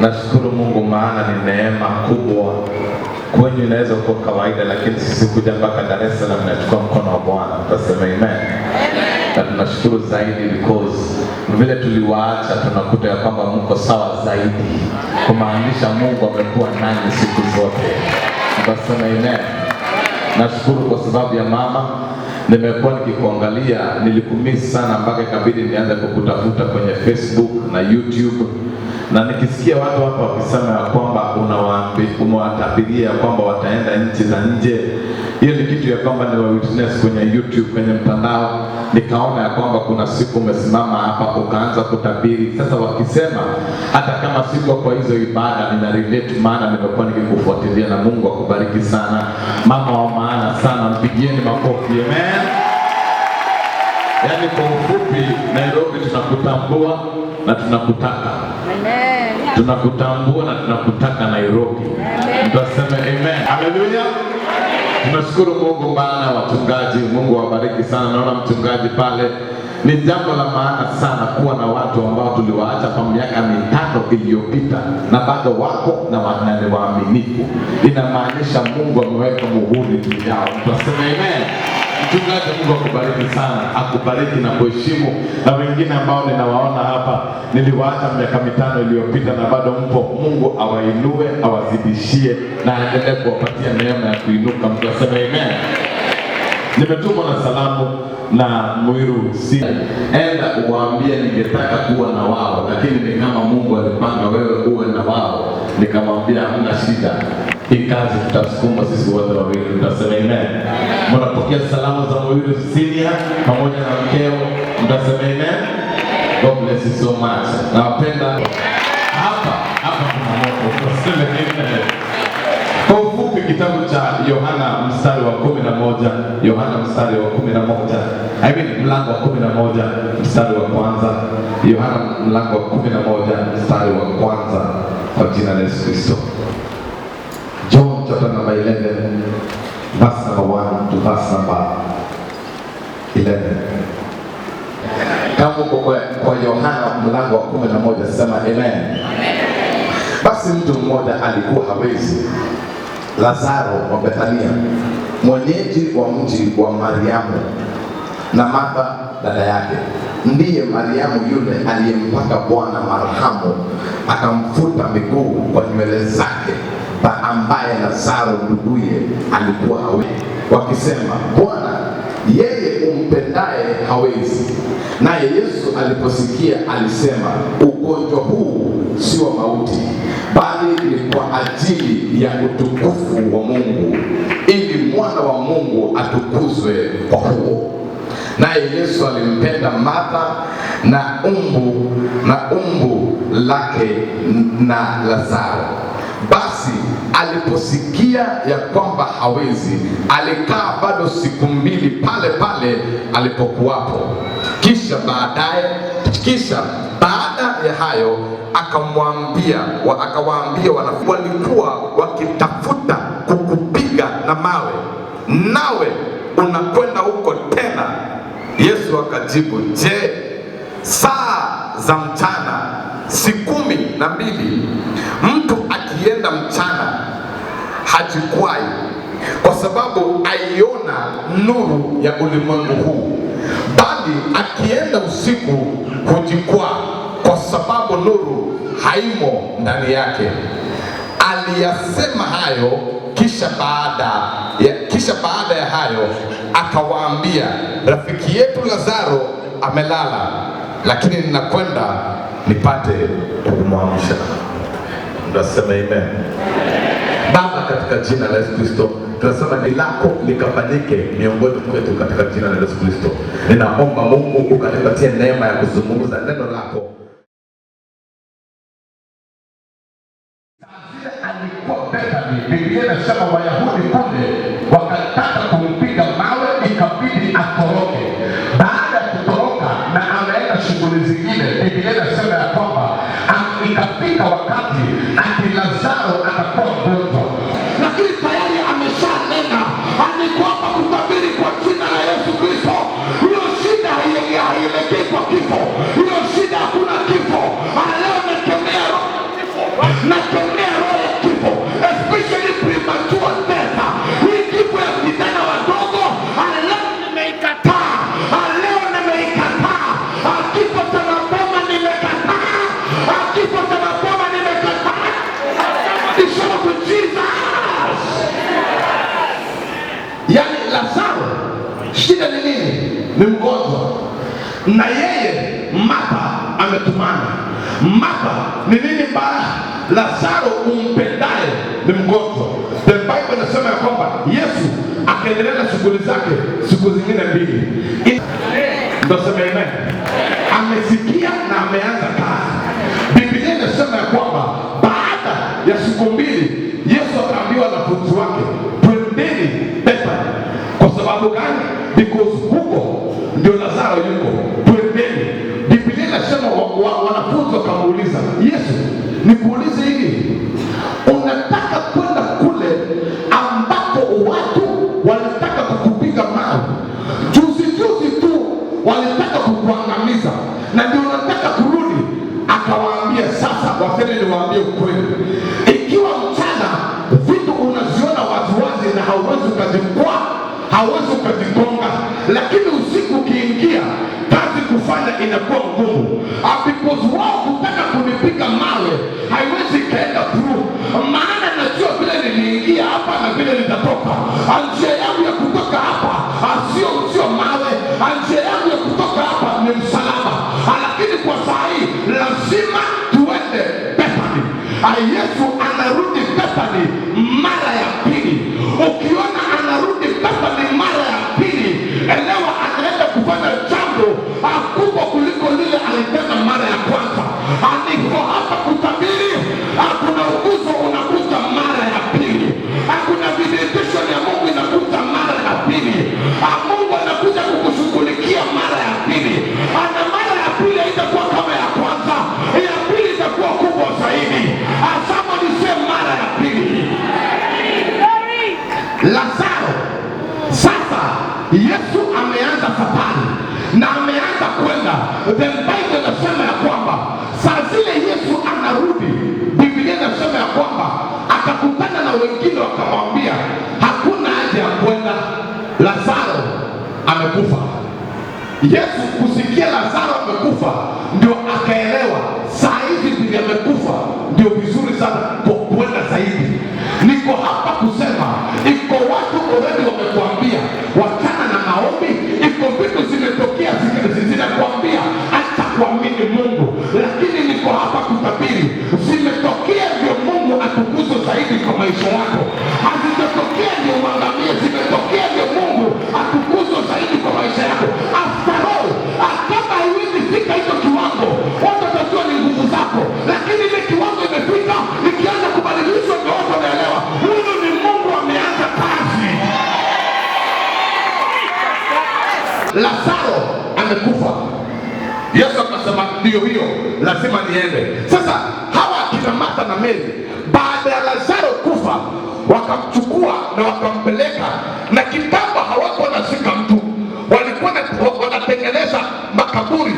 Nashukuru Mungu maana ni neema kubwa kwenyu, inaweza kuwa kawaida, lakini sisi kuja mpaka Dar es Salaam nachukua mkono wa Bwana, mtasema amen. Na tunashukuru zaidi because vile tuliwaacha tunakuta ya kwamba mko sawa zaidi, kumaanisha Mungu amekuwa nanyi siku zote, mtasema amen. Nashukuru kwa sababu ya mama nimekuwa nikikuangalia, nilikumisi sana mpaka ikabidi nianze kukutafuta kwenye Facebook na YouTube na nikisikia watu hapa wakisema ya kwamba umewatabiria kwamba wataenda nchi za nje, hiyo ni kitu ya kwamba ni witness kwenye YouTube, kwenye mtandao. Nikaona ya kwamba kuna siku umesimama hapa ukaanza kutabiri. Sasa wakisema hata kama siko kwa hizo ibada, nina relate, maana nimekuwa nikikufuatilia, na Mungu akubariki sana, mama wa maana sana, mpigieni makofi, amen. Yaani kwa ufupi, Nairobi tunakutambua na tunakutaka tunakutambua na tunakutaka Nairobi. Mtu aseme amen. Haleluya. Tunashukuru Mungu Bwana, wachungaji, Mungu awabariki sana. Naona mchungaji pale ni jambo la maana sana kuwa na watu ambao tuliwaacha kwa miaka mitano iliyopita na bado wako na wanani waaminifu. Inamaanisha Mungu ameweka muhuri juu yao. Mtu amen. Mchungaji, Mungu akubariki sana, akubariki na kuheshimu. Na wengine ambao ninawaona hapa, niliwaacha miaka mitano iliyopita na bado mpo. Mungu awainue, awazidishie na aendelee kuwapatia neema ya kuinuka. Mtu aseme amen. Nimetumwa na salamu na Mwiru si enda uwaambie, ningetaka kuwa na wao, lakini ni kama Mungu alipanga wewe uwe na wao. Nikamwambia hamna shida. Hii kazi tutasukuma sisi wote wawili, tutasema amen. Mnapokea salamu za mwili Senior pamoja na mkeo, mtasema amen. God bless you so much. Nawapenda. Hapa hapa kuna moto, tutasema amen. Kwa ufupi, kitabu cha Yohana mstari wa kumi na moja Yohana mstari wa kumi na moja I mean mlango wa kumi na moja mstari wa kwanza Yohana mlango wa kumi na moja mstari wa kwanza kwa jina la Yesu Kristo chapter number 11, verse number 1 to verse number 11. Kama kwa kwa Yohana mlango wa 11, sema amen. Basi mtu mmoja alikuwa hawezi, Lazaro wa Bethania, mwenyeji wa mji wa Mariamu na Martha dada yake ndiye Mariamu yule aliyempaka Bwana marhamu akamfuta miguu kwa nywele zake pa ambaye Lazaro nduguye alikuwa hawe, wakisema Bwana, yeye umpendaye hawezi. Naye Yesu aliposikia alisema, ugonjwa huu si wa mauti, bali ni kwa ajili ya utukufu wa Mungu, ili mwana wa Mungu atukuzwe kwa huo. Naye Yesu alimpenda Martha na umbu na umbu lake na Lazaro. Basi aliposikia ya kwamba hawezi, alikaa bado siku mbili pale pale alipokuwapo. Kisha baadaye, kisha baada ya hayo akamwambia wa, akawaambia wanafunzi, walikuwa wakitafuta kukupiga na mawe, nawe unakwenda huko tena? Yesu akajibu, je, saa za mchana si kumi na mbili? mtu hajikwai, kwa sababu aiona nuru ya ulimwengu huu, bali akienda usiku hujikwaa, kwa sababu nuru haimo ndani yake. Aliyasema hayo kisha baada ya, kisha baada ya hayo akawaambia, rafiki yetu Lazaro amelala, lakini ninakwenda nipate kumwamsha. Nasema amen. Baba, katika jina la Yesu Kristo tunasema ni lako likafanyike miongoni mwetu katika jina la Yesu Kristo. Ninaomba Mungu ukatupatie neema ya kuzungumza neno lako Biblia inasema Wayahudi kule wakataka hapa ni nini mbaya? Lazaro umpendaye ni mgonjwa. The Bible inasema ya kwamba Yesu akaendelea na shughuli zake siku zingine mbili. Ndio amen. Amesikia na ameanza kazi. Biblia inasema ya kwamba baada ya siku mbili Yesu akaambiwa wanafunzi wake, twendeni Bethania. Kwa sababu gani? anauliza Yesu, nikuulize hivi, unataka kwenda kule ambapo watu walitaka kukupiga mawe juzi juzi tu, walitaka kukuangamiza na ndio unataka kurudi? Akawaambia, sasa wapende niwaambie ukweli, ikiwa mchana vitu unaziona waziwazi na hauwezi ukazikwa hauwezi ukazikonga lakini usiku ukiingia, kazi kufanya inakuwa ngumu. hapa, njia yangu ya kutoka hapa asio sio mawe, njia yangu ya kutoka hapa ni msalaba. Lakini kwa saa hii lazima tuende Bethany. Yesu anarudi do Senhor. E ndio hiyo, lazima niende. Sasa hawa akina Martha na Mary, baada ya Lazaro kufa, wakamchukua na wakampeleka, na kitambo hawako nazika mtu, walikuwa wanatengeneza makaburi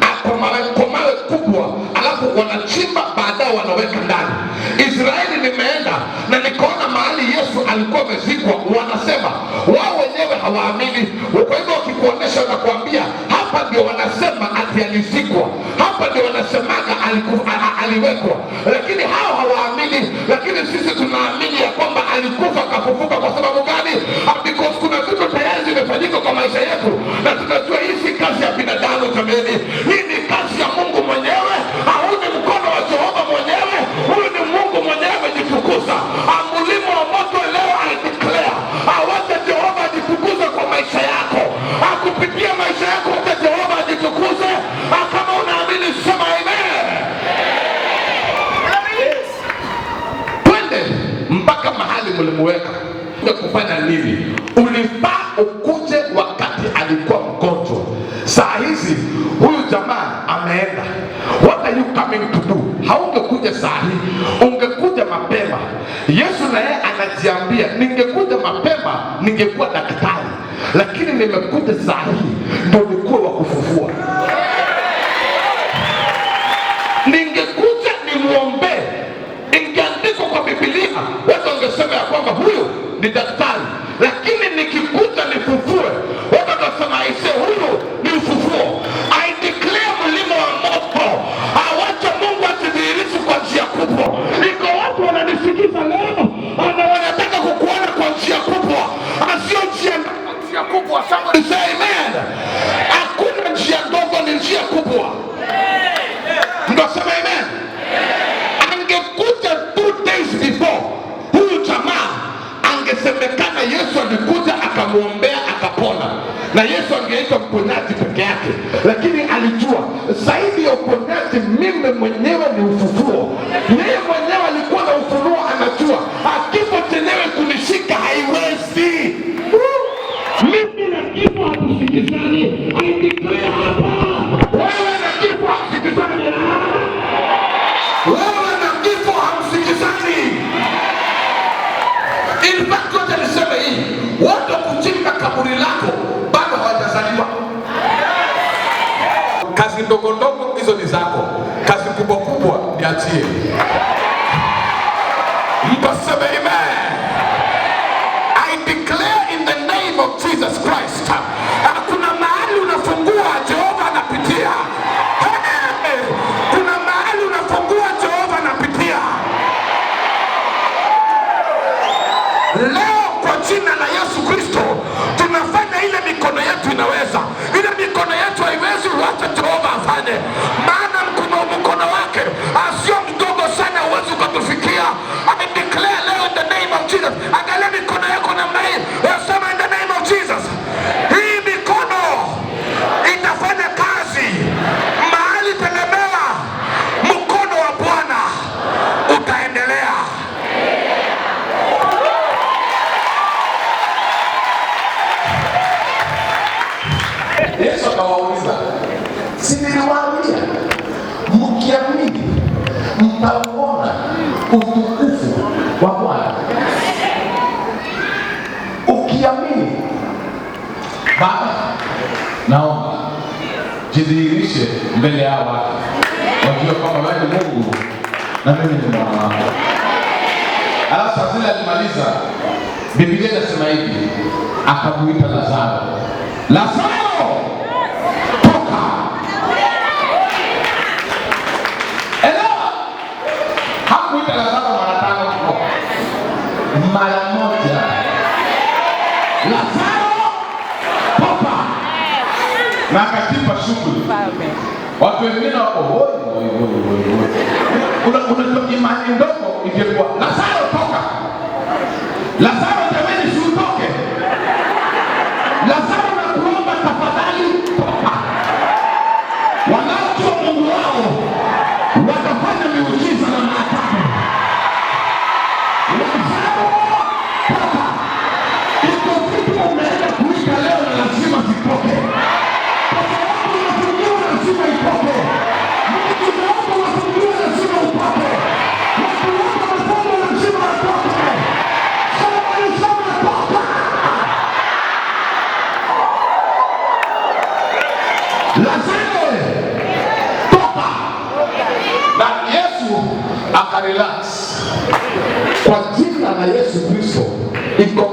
ah, kwa mawe kubwa, alafu wanachimba, baadaye wanaweka ndani. Israeli nimeenda na nikaona mahali Yesu alikuwa amezikwa, wanasema wao wenyewe hawaamini. Kwa hivyo wakikuonyesha, wanakuambia ndio wanasema ati alizikwa, hapa ndio wanasemaga aliwekwa, lakini hao hawaamini, lakini sisi tunaamini ningekuja mapema ningekuwa daktari, lakini nimekuja saa hii ndio nikuwe wa kufufua. Ningekuja nimwombee, ingeandikwa kwa Biblia watu wangesema ya kwamba huyu ni daktari, lakini zipo, huyu jamaa angesemekana Yesu alikuja akamwombea akapona, na Yesu angeitwa mponyaji peke yake, lakini alijua zaidi ya uponyaji, mimi mwenyewe Kazi ndogo ndogo hizo ni zako, kazi kubwa kubwa niachie. Mtaseme amen. Alafu vile alimaliza, Biblia inasema hivi, akamuita Lazaro, Lazaro toka. Elewa, hakuita Lazaro mara tano, mara moja, Lazaro toka, na akatipa shughuli Watu wengine wako hoi hoi hoi, unatoka imani ndogo ingekuwa Lazaro toka Lazaro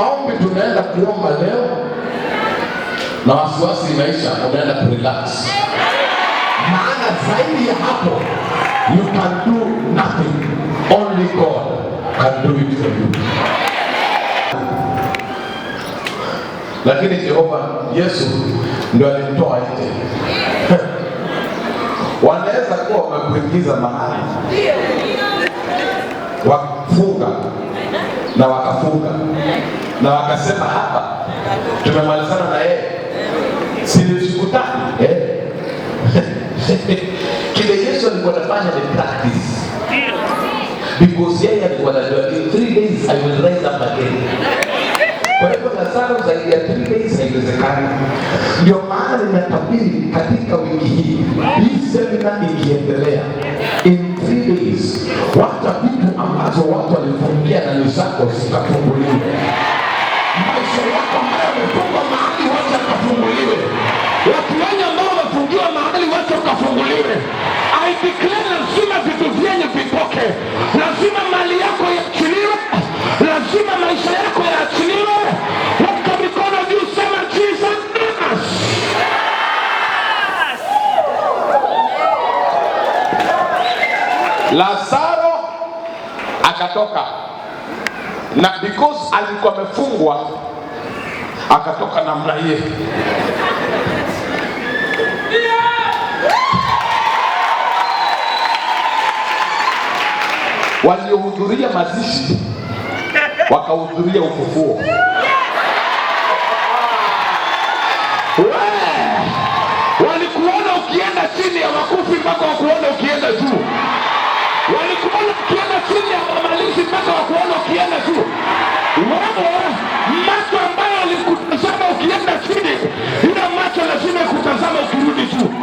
maombi tunaenda kuomba leo na wasiwasi imeisha, unaenda kurelax, maana zaidi ya hapo you can do nothing, only God can do it for you. Lakini Jehova Yesu ndio alimtoa nje. Wanaweza kuwa wamekuingiza mahali wakufunga na wakafunga na wakasema hapa tumemalizana na yeye, silisikutaki eh? kile Yesu alikuwa anafanya ni practice, because yeye alikuwa anajua in three days I will rise up again. Kwa hivyo Lazaro zaidi ya three days haiwezekani. Ndio maana nimetabiri katika wiki hii hii semina ikiendelea, in three days, wacha vitu ambazo watu walifungia na misako zikafunguliwa maisha yako ambayo amefungwa mahali, wacha akafunguliwe. Watu wengi ambao wamefungiwa mahali, wacha wakafunguliwe. I declare, lazima vitu vyenye vitoke, lazima mali yako yaachiliwe, lazima maisha yako yaachiliwe. Weka mikono juu, sema Jesus. Lazaro akatoka na because alikuwa amefungwa akatoka namna mraie waliohudhuria mazishi wakahudhuria ufufuo. Walikuona ukienda chini ya makufi mpaka wakuona ukienda juu, walikuona ukienda chini ya mamalizi mpaka wakuona ukienda juu. Wewe macho ambayo alikutazama ukienda chini, ina macho lazima kutazama ukirudi juu.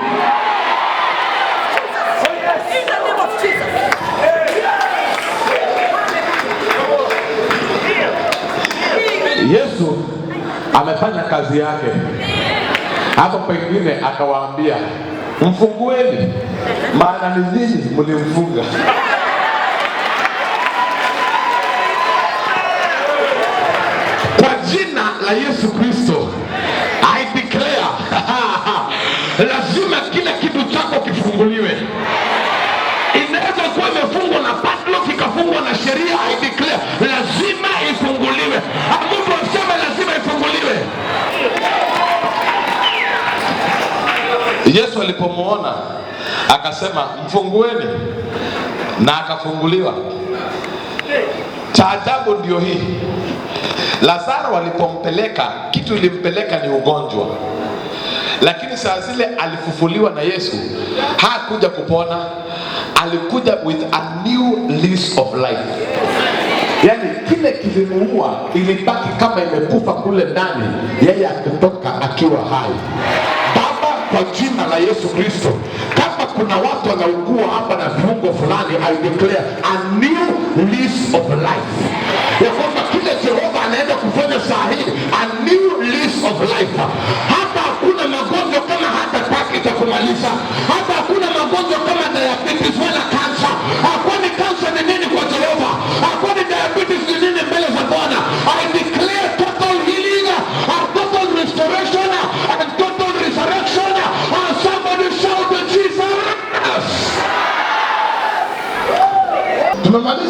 Yesu amefanya kazi yake. Hapo pengine akawaambia, mfungueni, maana ni ninyi mlimfunga. la Yesu Kristo, I declare lazima kila kitu chako kifunguliwe. Inaweza kuwa imefungwa na padlock, ikafungwa na sheria. I declare lazima ifunguliwe. Ah, Mungu asema lazima ifunguliwe. Yesu alipomwona akasema mfungueni, na akafunguliwa. Cha ndio hii Lazaro walipompeleka, kitu ilimpeleka ni ugonjwa, lakini saa zile alifufuliwa na Yesu hakuja kupona, alikuja with a new lease of life. Yani kile kilimuua ilibaki kama imekufa kule ndani, yeye akitoka akiwa hai. Baba, kwa jina la Yesu Kristo, kama kuna watu wanaugua hapa na viungo fulani, I declare a new lease of life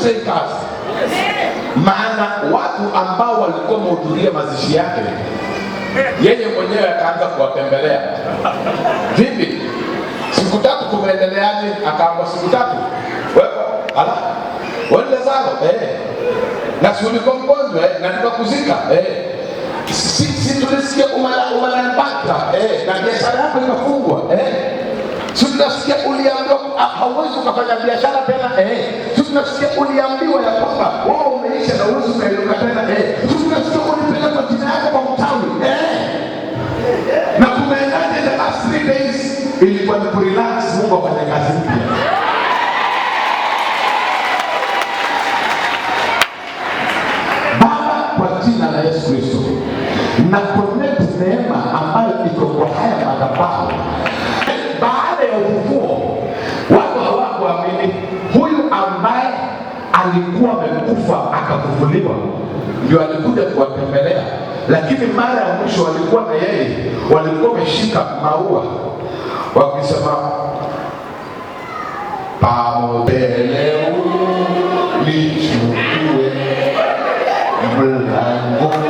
alimaliza hii kazi, maana watu ambao walikuwa wamehudhuria mazishi yake yeye mwenyewe akaanza kuwatembelea. Vipi, siku tatu kumeendeleaje? Akaamba siku tatu ala walilazalo eh, na si ulikuwa mgonjwa eh, na nikakuzika eh, si si tulisikia umelanipata eh, na biashara yako ikafungwa eh si tunasikia uliambiwa ah, hauwezi ukafanya biashara tena eh. Si tunasikia uliambiwa ya kwamba wao umeisha na uwezi ukainuka tena eh. Si tunasikia kwa jina yako kwa mtawi eh. Na kumeendaje? The last three days ilikuwa ni kurelax, Mungu afanye kazi mpya. Baba, kwa jina la Yesu Kristo na kwa alikuwa amekufa akafufuliwa, ndio alikuja kuwatembelea. Lakini mara ya mwisho walikuwa na yeye, walikuwa wameshika maua wakisema pamobeleu lichukue mlangoni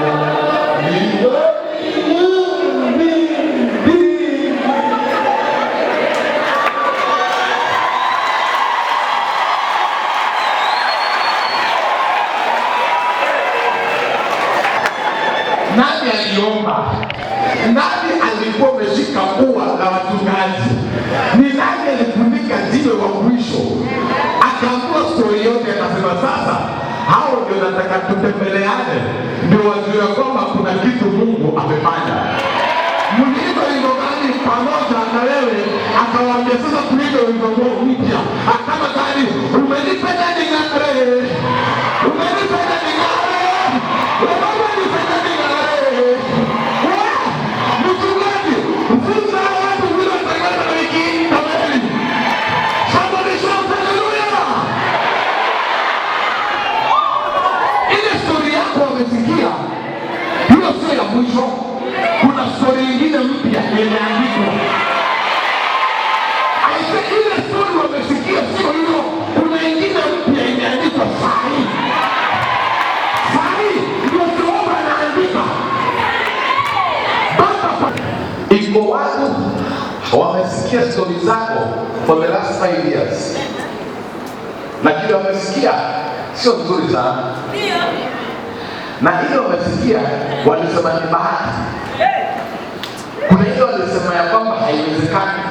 anaiomba. Nani alikuwa ameshika ua la wachungaji? Ni nani alifunika jiwe wa mwisho? Akaambua stori yote, akasema sasa, hao ndio nataka tutembeleane, ndio wajue ya kwamba kuna kitu Mungu amefanya. Mliimba ilogani pamoja na wewe? Akawaambia sasa, tuimbe wimbo mpya. Akama ah, tayari umenipenda ning'aa hili wamesikia, sio nzuri sana na hiyo wamesikia, walisema ni bahati. Kuna hiyo walisema ya kwamba haiwezekani.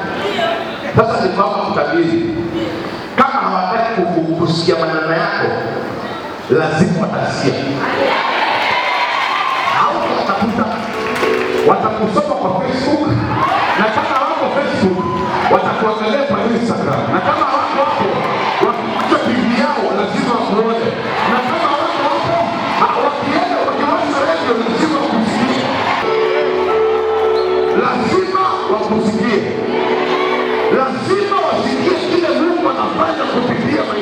Sasa ni kwamba mkabili, kama hawataki kusikia maneno yako, lazima watasikia au watakuta, watakusoma kwa Facebook na kama wako Facebook watakuangalia kwa Instagram na kama wako wako wote, na kama watu wapo wakienda kwenye waza redio, ni lazima wakusikie, lazima wakusikie, lazima wasikie kile Mungu anafanya kupitia